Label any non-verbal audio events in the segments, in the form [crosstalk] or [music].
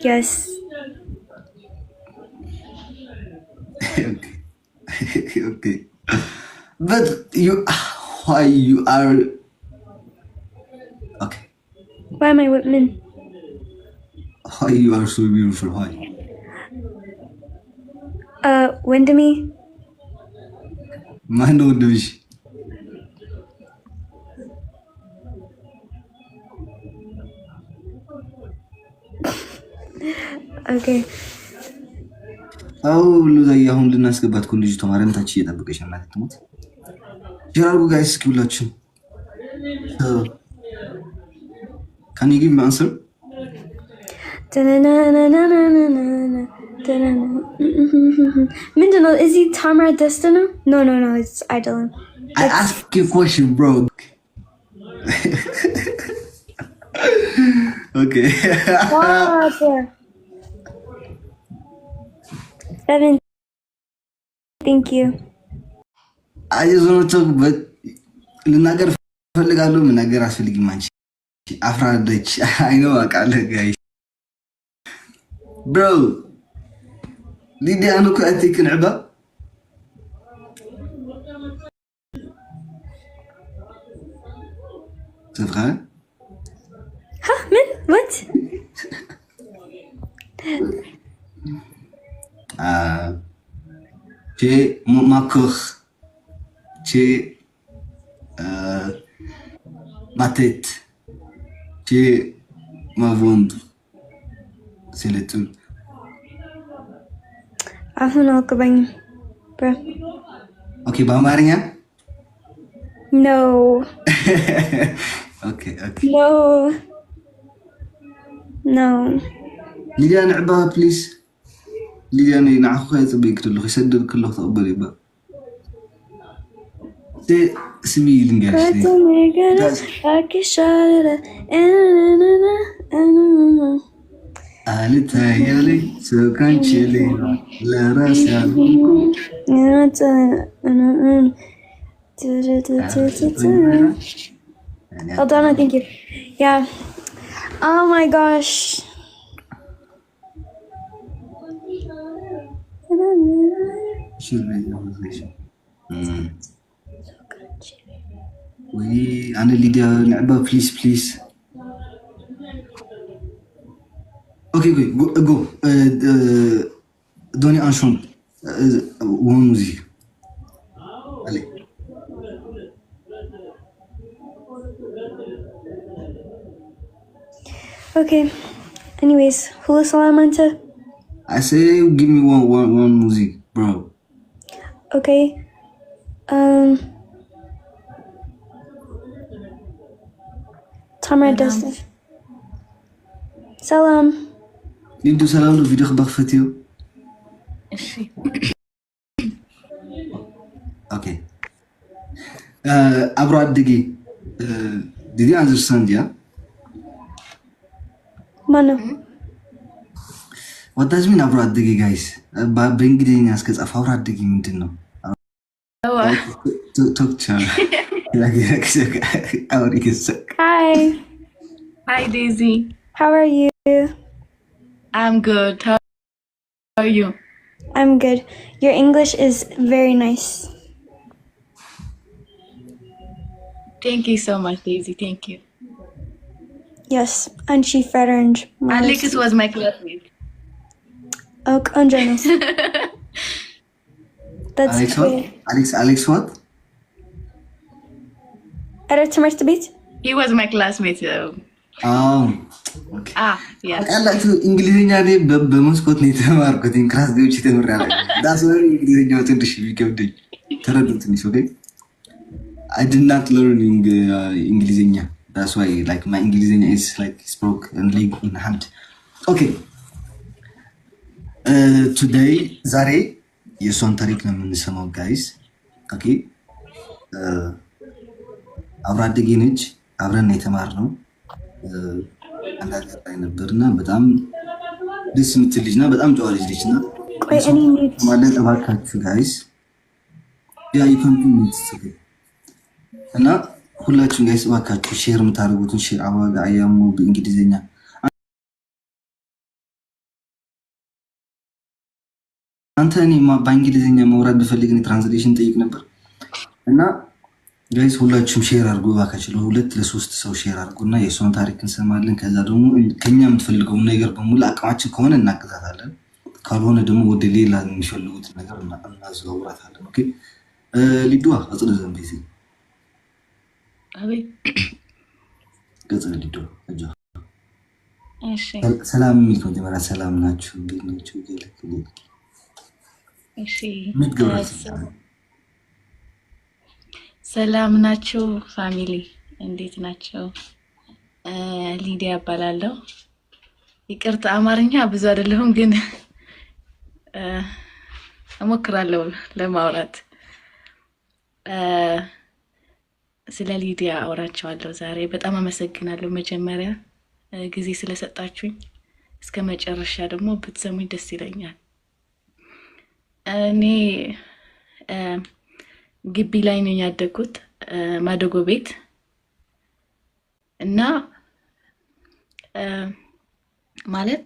Yes. okay. [laughs] okay. But you, why you are? Okay. Why am I Whitman? Why you are so beautiful? Why? Uh, Wendomy. My on division. አዎ ሎዛዬ፣ አሁን ልናስገባት እኮ ልጅቷ ማርያም ታች እየጠበቀች ነው። እናቴ ጀራርጉ ጋይስ፣ እስኪ ሁላችን ምንድን ነው እዚህ? ታምራት ደስት ነው። ኖ ኖ ኖ አይደለም። አስክ ኮሽን ብሮ ኦኬ Seven. Thank you. አይዞህ ልናገር እፈልጋለሁ። ምን ነገር አስፈልግም። አንቺ አፍራደች አይነው አውቃለሁ። ጋይ ብሮ ሊድያ ንኩ እቲ ክንዕባ ሰብካ ምን ወት uh, ci makuh ci uh, matet ci mavund c'est le tout Ok, አውቅበኝ ኦኬ Não. Ok, ok. Não. Não. ነው ሊዲያ ንዕባ please. ግዜኣኒ ንዓኹ ከየፅበይ ክደለኹ ይሰድድ ከለኹ ተቐበል ይባእ ስሚ ልንገርኣልታየለይ ሰብ ካንቺ ሌላ ለራስ ያልኩ Hold on, I think you. Yeah. Oh my gosh. she'll be in conversation. Mm. وي انا اللي داير لعبه please, بليز Okay, go uh, go. Uh, دوني ان شون وون موزيك علي Okay. Anyways, Hula salamanta. I say give me one one one music, bro okay um tamara Madam. does this salam nimm du salam du wieder gebracht okay uh abroad digi uh did you understand yeah mano mm what does mean abroad digging, guys? By bringing in us. of our digging, you know. Talk to her. Hi. Hi, Daisy. How are you? I'm good. How are you? I'm good. Your English is very nice. Thank you so much, Daisy. Thank you. Yes, and she fed orange. was my classmate. ቆንጆ ነው። አሌክስ ዋት ኧረ ትምህርት ቤት እንግሊዝኛ በመስኮት ነው የተማርኩት። ክላስ ገብቼ ተምሬያለሁ። ዳስ እንግሊዝኛው ትንሽ ተረዱ ትንሽ ኦኬ አይ ናት ለርን እንግሊዝኛ ዳስ ዋይ ላይክ ማይ እንግሊዝኛ ኢዝ ላይክ ስፖክ ኢን ሃንድ ኦኬ ቱደይ uh, ዛሬ የእሷን ታሪክ ነው የምንሰማው። ጋይስ ኦኬ፣ uh, አብራ አደጌ ነች። አብረን የተማርነው አንድ ሀገር ላይ ነበርና በጣም ደስ የምትል ልጅ ልጅና በጣም ጨዋ ልጅ ልጅ እና ማለት እባካችሁ ጋይስ ያ ኢኮኖሚ ምትስገ እና ሁላችሁም ጋይስ እባካችሁ ሼር የምታደርጉትን ሼር አዋጋ አያሙ በእንግሊዝኛ አንተ እኔ በእንግሊዝኛ መውራት ብፈልግ ትራንስሌሽን ጠይቅ ነበር። እና ጋይስ ሁላችሁም ሼር አድርጎ ባካችለ ሁለት ለሶስት ሰው ሼር አድርጎ እና የእሷን ታሪክ እንሰማለን። ከዛ ደግሞ ከኛ የምትፈልገውን ነገር በሙሉ አቅማችን ከሆነ እናገዛታለን፣ ካልሆነ ደግሞ ወደ ሌላ የሚፈልጉት ነገር እናዘውራታለን። ሊዷ አጽደ ዘንቤ ገጽ ሊዷ ሰላም የሚል መጀመሪያ ሰላም ናችሁ? እንዴት ናችሁ? ሰላም ናችሁ ፋሚሊ፣ እንዴት ናቸው? ሊዲያ እባላለሁ። ይቅርታ አማርኛ ብዙ አይደለሁም፣ ግን እሞክራለሁ ለማውራት። ስለ ሊዲያ አውራቸዋለሁ ዛሬ። በጣም አመሰግናለሁ መጀመሪያ ጊዜ ስለሰጣችሁኝ። እስከ መጨረሻ ደግሞ ብትሰሙኝ ደስ ይለኛል። እኔ ግቢ ላይ ነው ያደግኩት፣ ማደጎ ቤት እና ማለት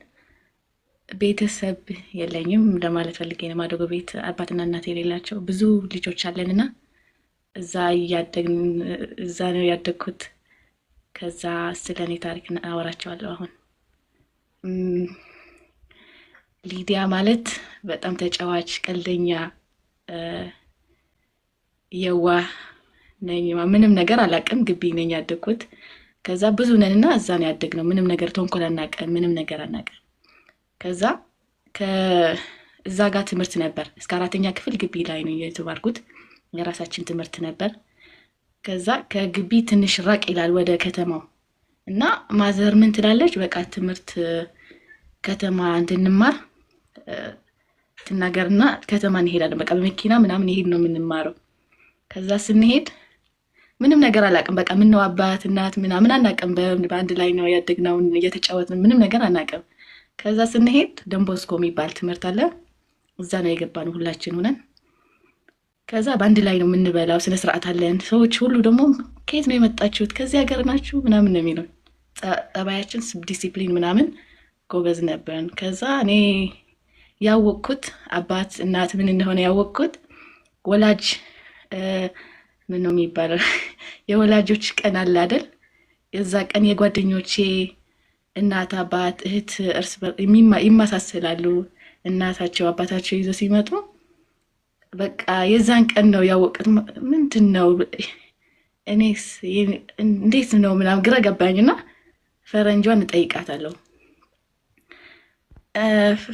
ቤተሰብ የለኝም ለማለት ፈልጌ ነው። ማደጎ ቤት አባትና እናት የሌላቸው ብዙ ልጆች አለን እና እዛ እያደግን እዛ ነው ያደግኩት። ከዛ ስለ እኔ ታሪክ አወራቸዋለሁ አሁን ሊዲያ ማለት በጣም ተጫዋች፣ ቀልደኛ፣ የዋህ ነኝ። ምንም ነገር አላውቅም። ግቢ ነኝ ያደግኩት። ከዛ ብዙ ነን እና እዛ ነው ያደግነው። ምንም ነገር ተንኮል አናውቅም። ምንም ነገር አናውቅም። ከዛ ከእዛ ጋር ትምህርት ነበር። እስከ አራተኛ ክፍል ግቢ ላይ ነው የተማርኩት። የራሳችን ትምህርት ነበር። ከዛ ከግቢ ትንሽ ራቅ ይላል ወደ ከተማው እና ማዘር ምን ትላለች፣ በቃ ትምህርት ከተማ እንድንማር ትናገርና ከተማ እንሄዳለን። በቃ በመኪና ምናምን ይሄድ ነው የምንማረው። ከዛ ስንሄድ ምንም ነገር አላቅም። በቃ ምነው አባት እናት ምናምን አናቅም። በአንድ ላይ ነው ያደግነው፣ እየተጫወትን ምንም ነገር አናቅም። ከዛ ስንሄድ ደንቦስኮ የሚባል ትምህርት አለ። እዛ ነው ነው ሁላችን ሆነን። ከዛ በአንድ ላይ ነው የምንበላው፣ ስነ ስርዓት አለን። ሰዎች ሁሉ ደግሞ ከየት ነው የመጣችሁት? ከዚህ ሀገር ናችሁ ምናምን ነው የሚለው። ጠባያችን ዲሲፕሊን ምናምን ጎበዝ ነበርን። ከዛ እኔ ያወቅኩት አባት እናት ምን እንደሆነ ያወቅኩት ወላጅ ምን ነው የሚባለው [laughs] የወላጆች ቀን አለ አይደል? የዛ ቀን የጓደኞቼ እናት አባት እህት እርስ ይመሳሰላሉ። እናታቸው አባታቸው ይዘው ሲመጡ በቃ የዛን ቀን ነው ያወቅት። ምንድን ነው እኔስ እንዴት ነው ምናምን ግራ ገባኝና ፈረንጇን እጠይቃታለሁ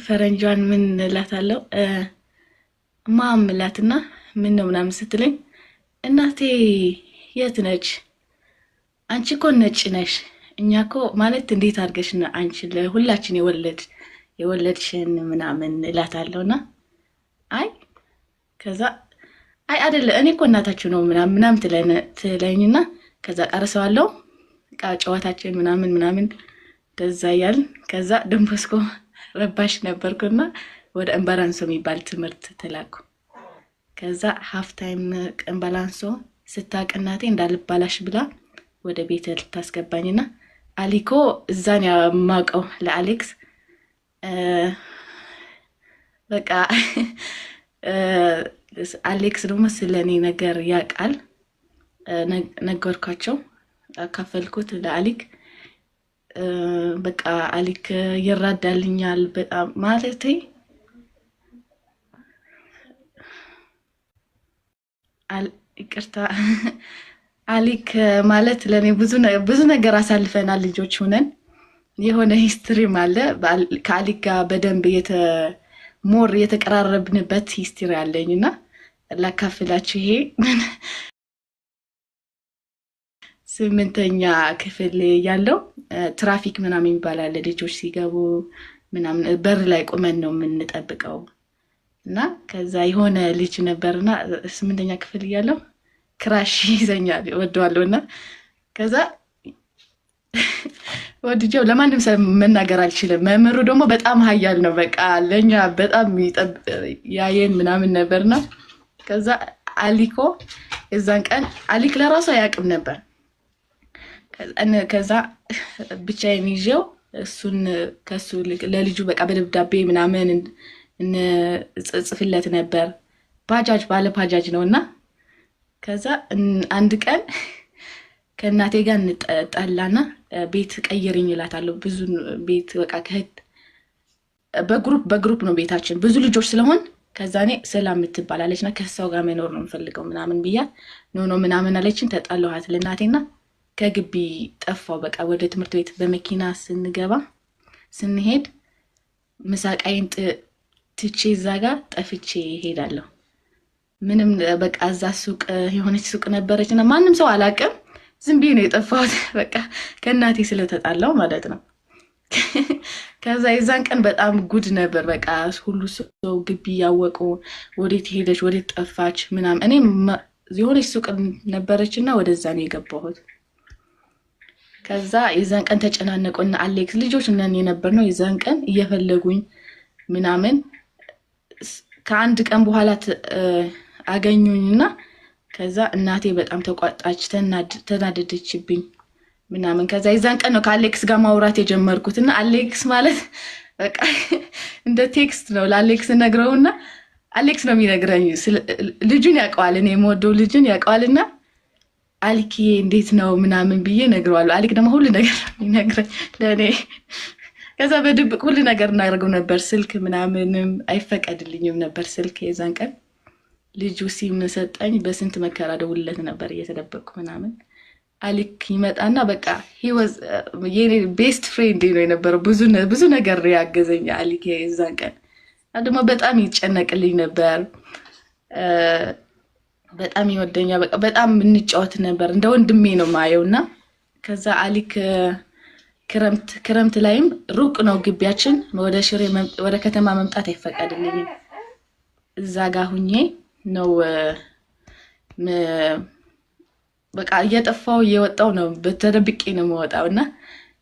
ፈረንጇን ምን እላታለሁ ማም እላትና ምን ነው ምናምን ስትለኝ እናቴ የት ነች? አንቺ እኮ ነጭ ነሽ። እኛ እኮ ማለት እንዴት አድርገሽ አንቺ ለሁላችን የወለድ የወለድሽን ምናምን እላታለሁ እና አይ ከዛ አይ አደለ እኔ እኮ እናታችሁ ነው ምናምን ምናምን ትለኝና ከዛ ቃ ጨዋታችን ምናምን ምናምን ደዛ እያልን ከዛ ደንቦስኮ ረባሽ ነበርኩና ወደ እምባላንሶ የሚባል ትምህርት ተላኩ። ከዛ ሀፍታይም እምባላንሶ ስታቅ እናቴ እንዳልባላሽ ብላ ወደ ቤት ልታስገባኝና አሊኮ እዛን ያማቀው ለአሌክስ በቃ አሌክስ ደግሞ ስለእኔ ነገር ያውቃል። ነገርኳቸው፣ አካፈልኩት ለአሊክ በቃ አሊክ ይራዳልኛል በጣም ማለቴ ይቅርታ [laughs] አሊክ ማለት ለእኔ ብዙ ነገር አሳልፈናል። ልጆች ሁነን የሆነ ሂስትሪም አለ ከአሊክ ጋር በደንብ ሞር የተቀራረብንበት ሂስትሪ አለኝ እና ላካፍላችሁ ይሄ ስምንተኛ ክፍል ያለው ትራፊክ ምናምን ይባላል። ልጆች ሲገቡ ምናምን በር ላይ ቁመን ነው የምንጠብቀው እና ከዛ የሆነ ልጅ ነበርና ስምንተኛ ክፍል እያለው ክራሽ ይዘኛል ወደዋለሁ እና ከዛ [laughs] ወድጀው ለማንም ሰው መናገር አልችልም። መምህሩ ደግሞ በጣም ሀያል ነው። በቃ ለእኛ በጣም ያየን ምናምን ነበርና ከዛ አሊኮ የዛን ቀን አሊክ ለራሱ አያውቅም ነበር ከዛ ብቻዬን ይዤው እሱን ከሱ ለልጁ በቃ በደብዳቤ ምናምን ጽፍለት ነበር። ባጃጅ ባለ ባጃጅ ነው እና ከዛ አንድ ቀን ከእናቴ ጋር እንጠላና ቤት ቀይርኝ እላታለሁ። ብዙ ቤት በቃ ከህት በግሩፕ በግሩፕ ነው ቤታችን ብዙ ልጆች ስለሆን ከዛ እኔ ሰላም የምትባላለች እና ከሰው ጋር መኖር ነው የምፈልገው ምናምን ብያት ኖኖ ምናምን አለችን። ተጣለኋት ለእናቴና ከግቢ ጠፋው። በቃ ወደ ትምህርት ቤት በመኪና ስንገባ ስንሄድ ምሳቃይን ትቼ እዛ ጋር ጠፍቼ ይሄዳለሁ። ምንም በቃ እዛ ሱቅ የሆነች ሱቅ ነበረች እና ማንም ሰው አላቅም። ዝም ብዬ ነው የጠፋሁት። [laughs] በቃ ከእናቴ ስለተጣላው ማለት ነው። [laughs] ከዛ የዛን ቀን በጣም ጉድ ነበር። በቃ ሁሉ ሰው ግቢ እያወቁ ወዴት ሄደች፣ ወዴት ጠፋች ምናምን። እኔ የሆነች ሱቅ ነበረች እና ወደዛ ነው የገባሁት። ከዛ የዛን ቀን ተጨናነቁና አሌክስ ልጆች ነን የነበር ነው። የዛን ቀን እየፈለጉኝ ምናምን ከአንድ ቀን በኋላ አገኙኝና ከዛ እናቴ በጣም ተቋጣች፣ ተናደደችብኝ ምናምን። ከዛ የዛን ቀን ነው ከአሌክስ ጋር ማውራት የጀመርኩት እና አሌክስ ማለት በቃ [laughs] እንደ ቴክስት ነው። ለአሌክስ ነግረውና አሌክስ ነው የሚነግረኝ ልጁን ያውቀዋል፣ እኔ የምወደው ልጁን ያውቀዋልና አሊክዬ እንዴት ነው ምናምን ብዬ ነግረዋለሁ። አሊክ ደግሞ ሁሉ ነገር ይነግረኝ ለእኔ። ከዛ በድብቅ ሁሉ ነገር እናደርገው ነበር። ስልክ ምናምንም አይፈቀድልኝም ነበር ስልክ። የዛን ቀን ልጁ ሲም ሰጠኝ። በስንት መከራ ደውልለት ነበር እየተደበቅኩ ምናምን። አሊክ ይመጣና በቃ ቤስት ፍሬንድ ነው የነበረው። ብዙ ነገር ያገዘኝ አሊክ የዛን ቀን ደግሞ በጣም ይጨነቅልኝ ነበር በጣም ይወደኛ በቃ በጣም እንጫወት ነበር። እንደ ወንድሜ ነው ማየው እና ከዛ አሊክ ክረምት ክረምት ላይም ሩቅ ነው ግቢያችን። ወደ ሽሬ ወደ ከተማ መምጣት አይፈቀድልኝም። እዛ ጋ ሁኜ ነው በቃ እየጠፋው እየወጣው ነው በተደብቄ ነው የምወጣው እና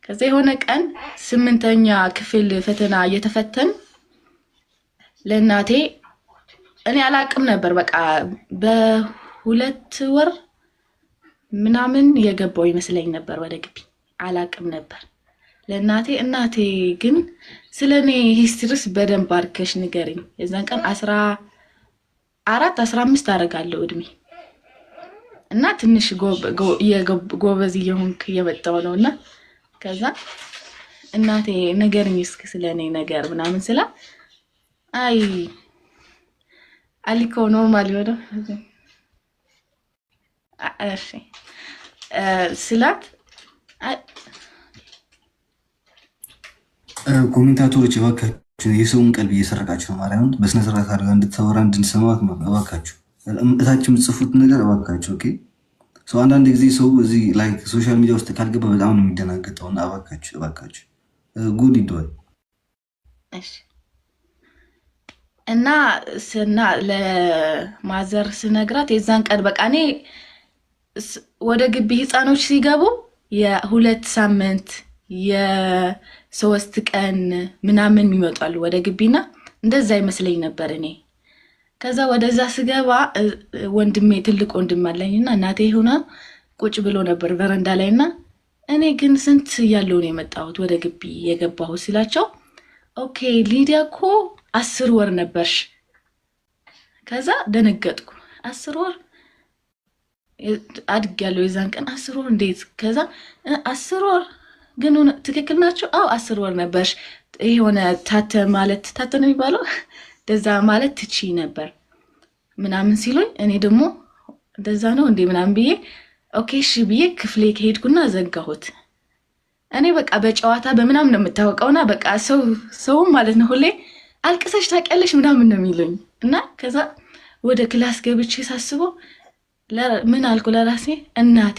ከዛ የሆነ ቀን ስምንተኛ ክፍል ፈተና እየተፈተን ለእናቴ እኔ አላቅም ነበር። በቃ በሁለት ወር ምናምን የገባው ይመስለኝ ነበር ወደ ግቢ። አላቅም ነበር ለእናቴ እናቴ ግን ስለ እኔ ሂስትሪስ በደንብ አርከሽ ንገርኝ። የዛን ቀን አስራ አራት አስራ አምስት አደርጋለሁ እድሜ እና ትንሽ ጎበዝ እየሆንክ እየመጣው ነው እና ከዛ እናቴ ነገርኝ እስክ ስለ እኔ ነገር ምናምን ስላ አይ አሊኮ ኖርማል ይወደ እሺ ስላት ኮሜንታቶሮች እባካችሁ የሰውን ቀልብ እየሰረቃችሁ ነው። ማርያምን በስነ ስርዓት አድርጋ እንድታወራ እንድንሰማት እባካችሁ፣ እታች የምትጽፉት ነገር እባካችሁ። ሰው አንዳንድ ጊዜ ሰው እዚህ ላይ ሶሻል ሚዲያ ውስጥ ካልገባ በጣም ነው የሚደናገጠው። እና እባካችሁ እባካችሁ ጉድ ይደዋል። እና ስና ለማዘር ስነግራት የዛን ቀን በቃ እኔ ወደ ግቢ ህፃኖች ሲገቡ የሁለት ሳምንት የሶስት ቀን ምናምን ይመጣሉ ወደ ግቢና እንደዛ ይመስለኝ ነበር እኔ። ከዛ ወደዛ ስገባ ወንድሜ ትልቅ ወንድም አለኝ እና እናቴ ሆና ቁጭ ብሎ ነበር በረንዳ ላይ እና እኔ ግን ስንት ያለውን የመጣሁት ወደ ግቢ የገባሁት ሲላቸው? ኦኬ ሊዲያ እኮ አስር ወር ነበርሽ። ከዛ ደነገጥኩ። አስር ወር አድግ ያለው የዛን ቀን አስር ወር እንዴት? ከዛ አስር ወር ግን ትክክል ናቸው። አው አስር ወር ነበርሽ። የሆነ ታተ ማለት ታተ ነው የሚባለው እንደዛ ማለት ትቺ ነበር ምናምን ሲሉኝ፣ እኔ ደግሞ እንደዛ ነው እንዴ ምናምን ብዬ ኦኬ እሺ ብዬ ክፍሌ ከሄድኩና ዘጋሁት። እኔ በቃ በጨዋታ በምናምን ነው የምታወቀውና በቃ ሰው ሰውም ማለት ነው ሁሌ አልቅሰሽ ታውቂያለሽ ምናምን ነው የሚለኝ እና ከዛ ወደ ክላስ ገብቼ ሳስበው ምን አልኩ ለራሴ እናቴ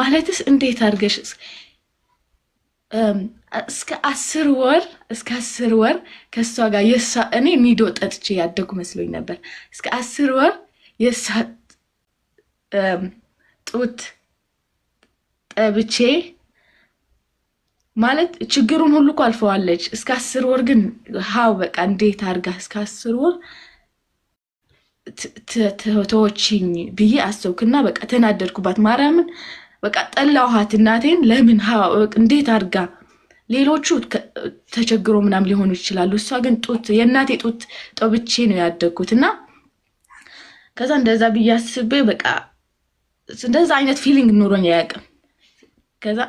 ማለትስ እንዴት አድርገሽ እስከ አስር ወር እስከ አስር ወር ከእሷ ጋር የእሷ እኔ ኒዶ ጠጥቼ ያደጉ መስሎኝ ነበር። እስከ አስር ወር የእሷ ጡት ጠብቼ ማለት ችግሩን ሁሉ እኮ አልፈዋለች። እስከ አስር ወር ግን ሀው በቃ እንዴት አድርጋ እስከ አስር ወር ተወችኝ ብዬ አሰብኩና በቃ ተናደድኩባት። ማርያምን በቃ ጠላኋት እናቴን። ለምን እንዴት አድርጋ ሌሎቹ ተቸግሮ ምናም ሊሆኑ ይችላሉ። እሷ ግን ጡት የእናቴ ጡት ጠብቼ ነው ያደግኩት እና ከዛ እንደዛ ብዬ አስቤ በቃ እንደዛ አይነት ፊሊንግ ኑሮኝ አያውቅም። ከዛ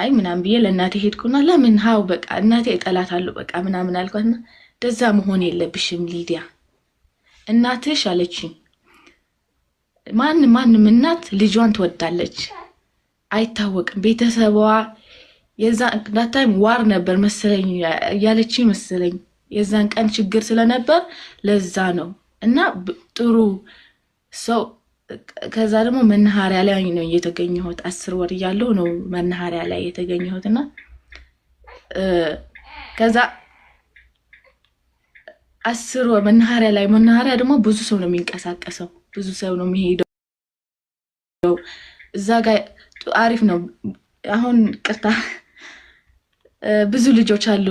አይ ምናምን ብዬ ለእናቴ ሄድኩና ለምን ሀው በቃ እናቴ እጠላታለሁ በቃ ምናምን አልኳትና ደዛ መሆን የለብሽም ሊዲያ እናትሽ አለችኝ። ማንም ማንም እናት ልጇን ትወዳለች። አይታወቅም ቤተሰቧ የዛ ዳታይም ዋር ነበር መሰለኝ ያለች መሰለኝ የዛን ቀን ችግር ስለነበር ለዛ ነው እና ጥሩ ሰው ከዛ ደግሞ መናኸሪያ ላይ ነው የተገኘሁት። አስር ወር እያለሁ ነው መናኸሪያ ላይ የተገኘሁት እና ከዛ አስር ወር መናኸሪያ ላይ መናኸሪያ ደግሞ ብዙ ሰው ነው የሚንቀሳቀሰው፣ ብዙ ሰው ነው የሚሄደው። እዛ ጋ አሪፍ ነው። አሁን ቅርታ ብዙ ልጆች አሉ፣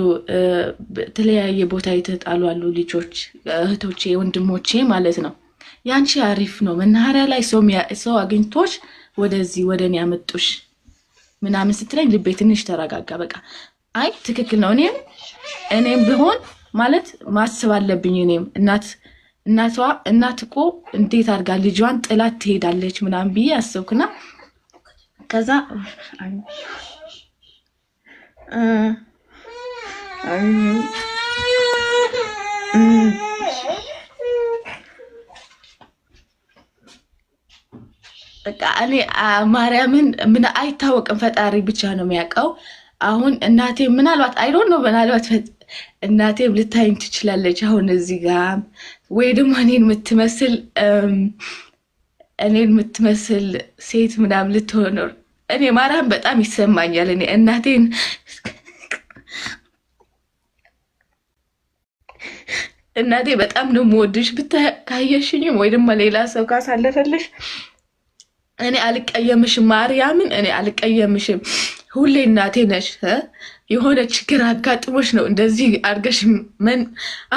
በተለያየ ቦታ የተጣሉ አሉ ልጆች፣ እህቶቼ፣ ወንድሞቼ ማለት ነው ያንቺ አሪፍ ነው። መናኸሪያ ላይ ሰው አግኝቶች ወደዚህ ወደ እኔ ያመጡሽ ምናምን ስትለኝ ልቤ ትንሽ ተረጋጋ። በቃ አይ ትክክል ነው። እኔም እኔም ቢሆን ማለት ማስብ አለብኝ። እኔም እናት እናቷ እናት እኮ እንዴት አድርጋ ልጇን ጥላት ትሄዳለች ምናምን ብዬ አሰብኩና ከዛ አይ በቃ እኔ ማርያምን ምን አይታወቅም፣ ፈጣሪ ብቻ ነው የሚያውቀው። አሁን እናቴ ምናልባት አይዶን ነው ምናልባት እናቴም ልታይም ትችላለች። አሁን እዚህ ጋር ወይ ደግሞ እኔን የምትመስል እኔን የምትመስል ሴት ምናም ልትሆኖር እኔ ማርያም በጣም ይሰማኛል። እኔ እናቴን እናቴ በጣም ነው የምወድሽ ብታካየሽኝም ወይ ደግሞ ሌላ ሰው ካሳለፈልሽ እኔ አልቀየምሽም፣ ማርያምን እኔ አልቀየምሽም። ሁሌ እናቴ ነሽ። የሆነ ችግር አጋጥሞሽ ነው እንደዚህ አድርገሽ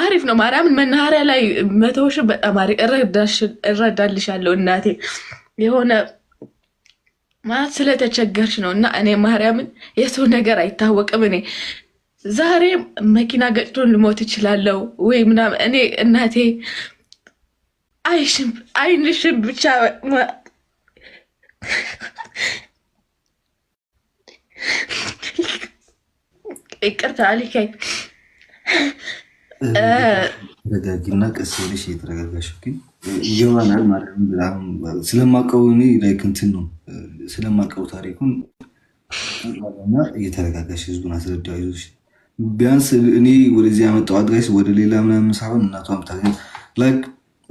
አሪፍ ነው። ማርያምን መናኸሪያ ላይ መተውሽ በጣም አሪፍ እረዳልሻለሁ እናቴ። የሆነ ማለት ስለተቸገርሽ ነው እና እኔ ማርያምን የሰው ነገር አይታወቅም። እኔ ዛሬ መኪና ገጭቶን ልሞት እችላለሁ ወይ ምናምን እኔ እናቴ አይሽም አይንሽም ብቻ ይቅርታ አሊካይ ተረጋጊና ቀስ ብለሽ እየተረጋጋሽ ግን ይሆናል ማለት ስለማቀው እኔ እንትን ነው ስለማቀው ታሪኩን እና እየተረጋጋሽ ህዝቡን አስረዳ ቢያንስ እኔ ወደዚህ ያመጣው አድራይስ ወደ ሌላ ምናምን ሳይሆን እናቷ ምታ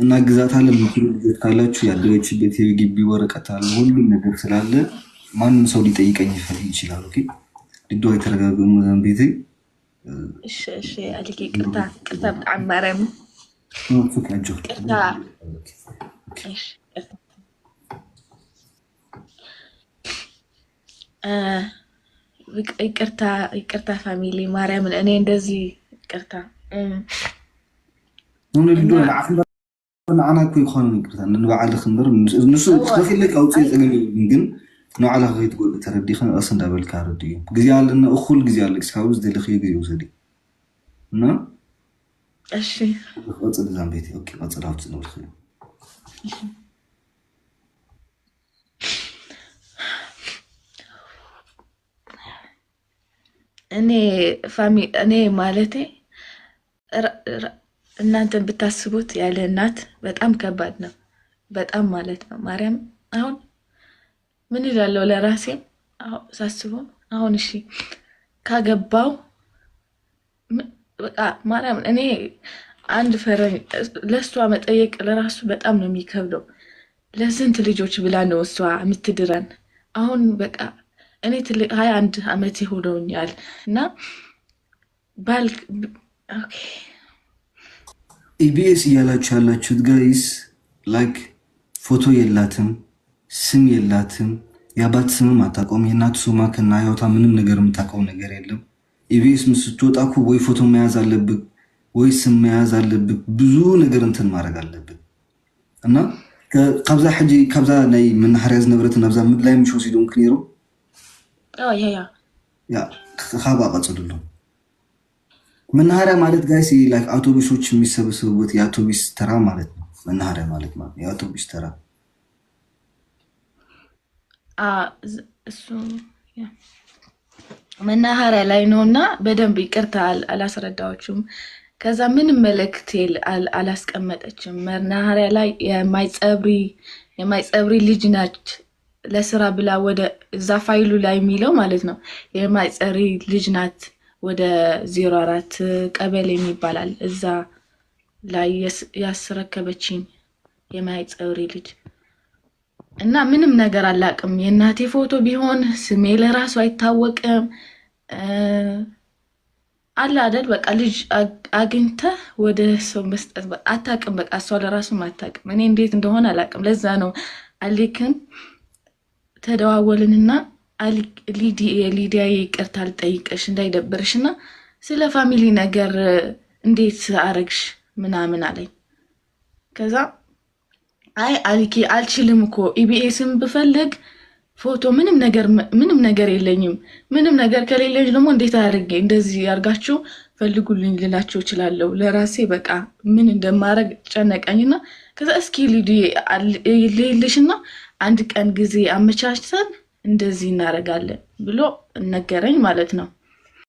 እና አለ የምትሉ ልጆች ካላችሁ ያደረችበት የግቢ ወረቀት አለ፣ ሁሉም ነገር ስላለ ማንም ሰው ሊጠይቀኝ ይፈል ይችላል። ልዶ የተረጋገሙ ዘን ቤት ቅርታ ይቅርታ ይቅርታ ፋሚሊ ማርያምን እኔ እንደዚህ ቅርታ ንዓና ኮ ይኮኑ ይቅርታ ንባዕልክ እምበር ንሱ ተፈለክ ኣውፅኡ ፀገም ግን ንባዕላ ከይትጎልእ ተረዲኸ ቀስ እንዳበልካ ረዲ እዩ ግዜ ኣለና እኩል ግዜ ኣለ ክስካብ ዝደለክዮ ግዜ ውሰድ እና ቀፅል እዛን ቤት ቀፅል ሃብቲ ዝነብልክ እዩ እኔ ማለት እናንተን ብታስቡት ያለ እናት በጣም ከባድ ነው። በጣም ማለት ነው። ማርያም አሁን ምን ይላለው ለራሴ ሳስበው አሁን እሺ ካገባው በቃ ማርያም እኔ አንድ ፈረኝ ለእሷ መጠየቅ ለራሱ በጣም ነው የሚከብደው። ለስንት ልጆች ብላ ነው እሷ የምትድረን። አሁን በቃ እኔ ትልቅ ሀያ አንድ አመት ሆነውኛል እና ባል ኦኬ ኢቢኤስ እያላችሁ ያላችሁት ጋይስ ላይክ ፎቶ የላትም፣ ስም የላትም፣ የአባት ስምም አታውቀውም። የእናቱ ሶማ ከና ያውታ ምንም ነገር የምታውቀው ነገር የለም። ኢቢኤስ ስትወጣ እኮ ወይ ፎቶ መያዝ አለብህ ወይ ስም መያዝ አለብህ፣ ብዙ ነገር እንትን ማድረግ አለብህ እና ካብዛ ሕጂ ካብዛ ናይ መናሕርያ ዝነበረትን ናብዛ ምድላይ ምሽ ወሲዶም ክንሮም ካብኣ ቀፅልሎም መናኸሪያ ማለት ጋይስ አውቶቡሶች የሚሰበሰቡበት የአውቶቡስ ተራ ማለት ነው። መናኸሪያ ማለት ማለት ነው የአውቶቡስ ተራ መናኸሪያ ላይ ነው እና በደንብ ይቅርታ አላስረዳዎችም። ከዛ ምንም መልእክት አላስቀመጠችም። መናኸሪያ ላይ የማይፀብሪ ልጅ ናች ለስራ ብላ ወደ እዛ ፋይሉ ላይ የሚለው ማለት ነው የማይጸሪ ልጅ ናት ወደ ዜሮ አራት ቀበሌ የሚባላል እዛ ላይ ያስረከበችኝ የማይፀውሪ ልጅ እና ምንም ነገር አላቅም። የእናቴ ፎቶ ቢሆን ስሜ ለራሱ አይታወቅም። አለ አደል በቃ ልጅ አግኝተ ወደ ሰው መስጠት አታቅም። በቃ እሷ ለራሱም አታቅም። እኔ እንዴት እንደሆነ አላቅም። ለዛ ነው አሊክን ተደዋወልንና ሊዲያ ይቅርታ አልጠይቀሽ እንዳይደብርሽ እና ስለ ፋሚሊ ነገር እንዴት አረግሽ ምናምን አለኝ። ከዛ አይ አልኪ አልችልም እኮ ኢቢኤስም ብፈልግ ፎቶ ምንም ነገር ምንም ነገር የለኝም። ምንም ነገር ከሌለች ደግሞ እንዴት አድርጌ እንደዚህ አድርጋችሁ ፈልጉልኝ ልላቸው እችላለሁ። ለራሴ በቃ ምን እንደማረግ ጨነቀኝና ከዛ እስኪ ልዱ አንድ ቀን ጊዜ አመቻችተን እንደዚህ እናደርጋለን ብሎ ነገረኝ ማለት ነው።